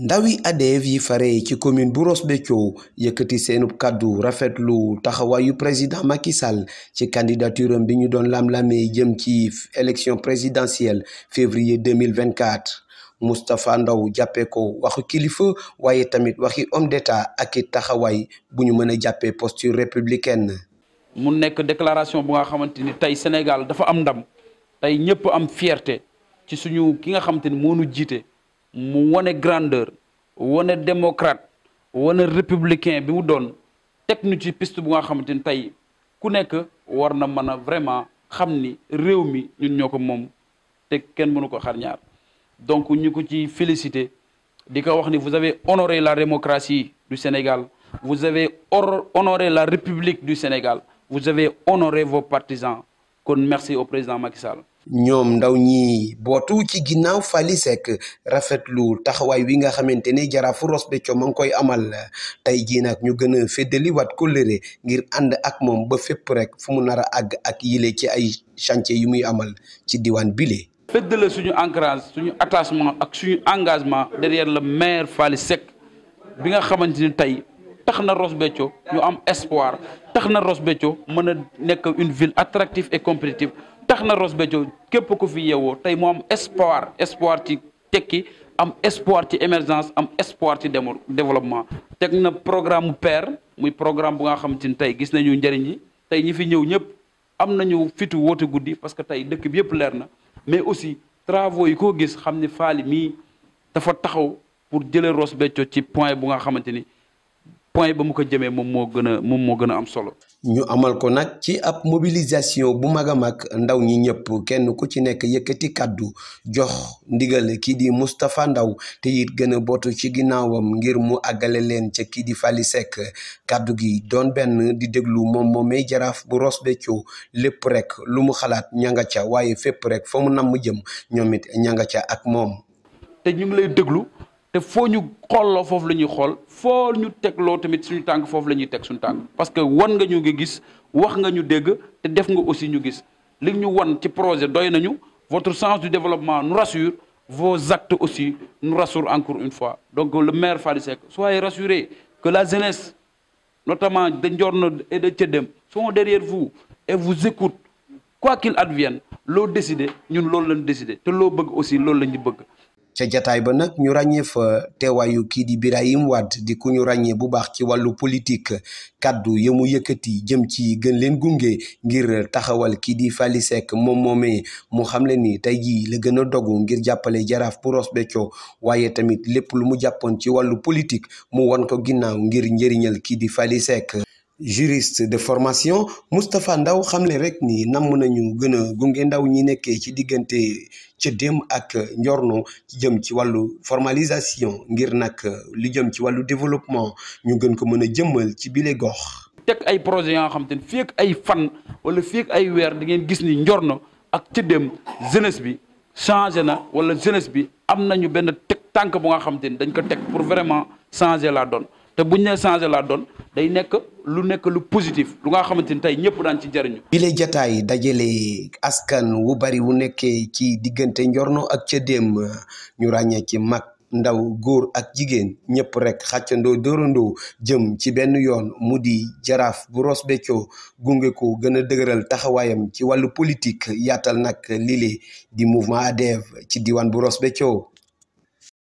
ndawi ADEV yi faree ci commune bu Ross Béthio yëkkati seenub rafetlu taxawayu président Macky Sall ci candidature am bi ñu doon lam lamé jëm ci élection présidentielle février 2024 Moustapha Ndaw jappé ko waxu kilifa waaye tamit waxi homme d'état ak posture républicaine mu nekk déclaration bu nga xamanteni tay Sénégal dafa am ndam tay ñëpp am fierté ci suñu ki nga mu est grandeur est démocrate est républicain bi nous donne teg ñu ci piste bu nga xamante ni tey ku war vraiment xam ni réew mi ñun ñoo ko moom mënu donc ñu ko ci vous avez honoré la démocratie du Sénégal vous avez honoré la République du Sénégal vous avez honoré vos partisans kon merci au président Macky Sall ñoom ndaw ñi bootu ci ginnaaw Fally Seck rafetlu taxawaay wi nga xamante ne jaraafu Ross Béthio ma ngi koy amal tey jii nag ñu gën a féddali wat kóllëre ngir ànd ak moom ba fépp rek fu mu nar a àgg ak yile ci ay chantier yu muy amal ci diwaan bile. féddale suñu ancrage suñu attachement ak suñu engagement derrière le maire Fally Seck bi nga xamante ni tey tax na Ross Béthio ñu am espoir tax na Ross Béthio mën a nekk une ville attractive et compétitive. taxna na Ross Béthio képp fi yeewoo tay mu am espoir espoir ci tekki am espoir ci émergence am espoir ci développement teg na programme père muy programme bu nga xam tay gis nañu njëriñ yi tey ñi fi ñew ñep am nañu fitu wote guddi parce que tay dëkk bi yëpp leer na mais aussi travaux yi koo gis xamni faali mi dafa taxaw pour jëlee Ross Béthio ci point bu nga xamante point ba mu ko jëmee moom moo gën a moom moo gën am solo. ñu amal ko nag ci ab mobilisation bu mag a mag ndaw ñi ñëpp kenn ku ci nekk yëkkati kàddu jox ndigal kii di Moustapha Ndaw te it gën a bootu ci ginnaawam ngir mu àggale leen ca kii di Fally Seck kàddu gi doon benn di déglu moom moomay jaraaf bu ros Ross Béthio lépp rek lu mu xalaat ña nga ca waaye fépp rek fa mu namm jëm ñoom it ña nga ca ak moom. te ñu ngi lay déglu. te faut ñu xolloo foofu la teklo xool que nous tegloo tamit suñu nous foofu la ñuy teg suñu tànk parce que wan nga nous wax nous ñu te def nga aussi ñu gis li wan ci projet votre sens du développement nous rassure vos actes aussi nous rassurent encore une fois donc le maire Farisek, soyez rassurés que la jeunesse notamment de et de Tiedem, sont derrière vous et vous écoutent quoi qu'il advienne nous décidons. nous loolu lañu décidé te nous bëgg aussi loolu la bëgg ca jataay ba nag ñu ràññee fa teewaayu kii di Birahim Wade di ku ñu ràññee bu baax ci wàllu politique kàddu yamu yëkkati jëm ci gën leen gunge ngir taxawal kii di Fally Seck moom moomee mu xam le ni tey jii la gën a dogu ngir jàppale jaraaf bu Ross Béthio waaye tamit lépp lu mu jàppoon ci wàllu politique mu wan ko ginnaaw ngir njëriñal kii di Fally Seck juriste de formation Mustafa Ndaw xamle rek ni nam nañu gëna a ndaw ñi nekké ci digënté ci dem ak ñorno ci jëm ci walu formalisation ngir nak li jëm ci walu développement ñu gën ko mëna jëmmal ci lé gox. teg ay projet yoo xam fi ak ay fan wala fi ak ay wër di ngeen gis ni ñorno ak ci dem jeunesse bi changé na wala jeunesse bi am nañu benn teg tank bu nga xam dañ ko teg pour vraiment changer la donne. te buñ nee changé la done day nekk lu nekk lu positif lu nga xamante ni tey ñëpp daan ci jariñu bile jataay dajale askan wu bari wu nekkee ci diggante njorno ak ca déem ñu ràññee ci mag ndaw góor ak jigéen ñëpp rek xàccandoo dóorandoo jëm ci benn yoon mu di jaraaf bu Ross Béthio gunge ko gën a dëgëral taxawaayam ci wàllu politique yaatal nag lile di mouvement ADEV ci diwaan bu Ross Béthio